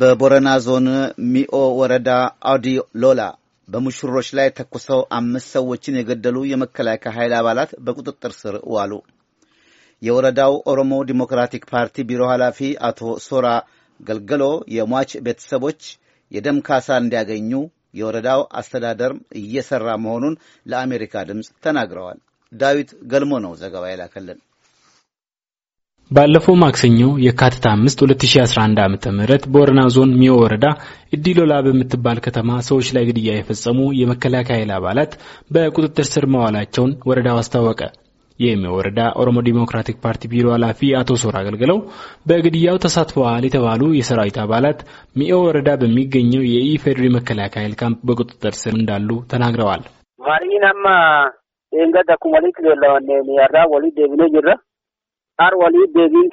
በቦረና ዞን ሚኦ ወረዳ አውዲ ሎላ በሙሽሮች ላይ ተኩሰው አምስት ሰዎችን የገደሉ የመከላከያ ኃይል አባላት በቁጥጥር ስር ዋሉ። የወረዳው ኦሮሞ ዲሞክራቲክ ፓርቲ ቢሮ ኃላፊ አቶ ሶራ ገልገሎ የሟች ቤተሰቦች የደም ካሳ እንዲያገኙ የወረዳው አስተዳደር እየሰራ መሆኑን ለአሜሪካ ድምፅ ተናግረዋል። ዳዊት ገልሞ ነው ዘገባ የላከልን። ባለፈው ማክሰኞ የካቲት 5 2011 ዓም ምህረት በቦረና ዞን ሚኦ ወረዳ እዲሎላ በምትባል ከተማ ሰዎች ላይ ግድያ የፈጸሙ የመከላከያ ኃይል አባላት በቁጥጥር ስር መዋላቸውን ወረዳው አስታወቀ። የሚኦ ወረዳ ኦሮሞ ዲሞክራቲክ ፓርቲ ቢሮ ኃላፊ አቶ ሶር አገልግለው በግድያው ተሳትፈዋል የተባሉ የሰራዊት አባላት ሚኦ ወረዳ በሚገኘው የኢፌዴሪ መከላከያ ኃይል ካምፕ በቁጥጥር ስር እንዳሉ ተናግረዋል። ማሪናማ ንገዳ ኩመሊት ሎላ ሚያራ ወሊ ዴብኔ ጅራ አር ወሊድ ዴቢን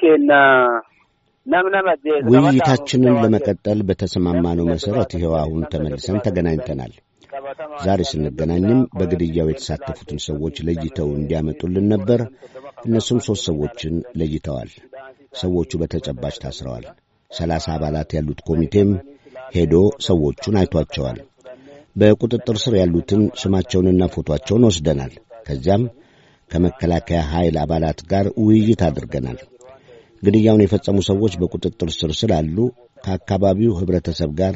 ውይይታችንን ለመቀጠል በተስማማነው መሠረት ይኸው አሁን ተመልሰን ተገናኝተናል። ዛሬ ስንገናኝም በግድያው የተሳተፉትን ሰዎች ለይተው እንዲያመጡልን ነበር። እነሱም ሦስት ሰዎችን ለይተዋል። ሰዎቹ በተጨባጭ ታስረዋል። ሰላሳ አባላት ያሉት ኮሚቴም ሄዶ ሰዎቹን አይቷቸዋል። በቁጥጥር ስር ያሉትን ስማቸውንና ፎቶአቸውን ወስደናል። ከዚያም ከመከላከያ ኃይል አባላት ጋር ውይይት አድርገናል። ግድያውን የፈጸሙ ሰዎች በቁጥጥር ስር ስላሉ ከአካባቢው ኅብረተሰብ ጋር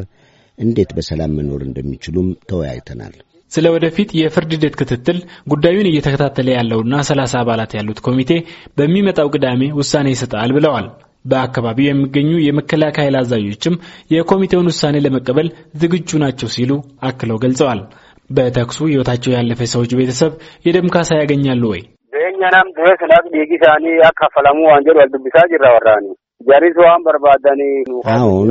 እንዴት በሰላም መኖር እንደሚችሉም ተወያይተናል። ስለ ወደፊት የፍርድ ሂደት ክትትል ጉዳዩን እየተከታተለ ያለውና ሰላሳ አባላት ያሉት ኮሚቴ በሚመጣው ቅዳሜ ውሳኔ ይሰጣል ብለዋል። በአካባቢው የሚገኙ የመከላከያ ኃይል አዛዦችም የኮሚቴውን ውሳኔ ለመቀበል ዝግጁ ናቸው ሲሉ አክለው ገልጸዋል። በተኩሱ ህይወታቸው ያለፈ ሰዎች ቤተሰብ የደም ካሳ ያገኛሉ ወይ? ኛናም ድረስ ናት ዴጊሳኒ አካፈላሙ አንጀል ወልድብሳ ጅራወራኒ ወራኒ ጃሪሶዋን በርባዳኒ አሁን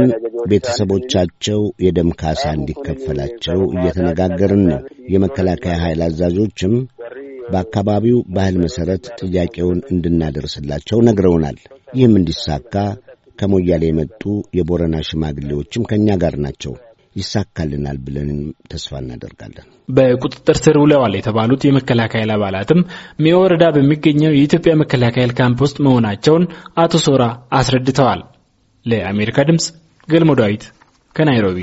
ቤተሰቦቻቸው የደም ካሳ እንዲከፈላቸው እየተነጋገርን ነው። የመከላከያ ኃይል አዛዦችም በአካባቢው ባህል መሠረት ጥያቄውን እንድናደርስላቸው ነግረውናል። ይህም እንዲሳካ ከሞያሌ የመጡ የቦረና ሽማግሌዎችም ከእኛ ጋር ናቸው። ይሳካልናል ብለንም ተስፋ እናደርጋለን። በቁጥጥር ስር ውለዋል የተባሉት የመከላከያ አባላትም ሚወረዳ ወረዳ በሚገኘው የኢትዮጵያ መከላከያ ካምፕ ውስጥ መሆናቸውን አቶ ሶራ አስረድተዋል። ለአሜሪካ ድምፅ ገልሞ ዳዊት ከናይሮቢ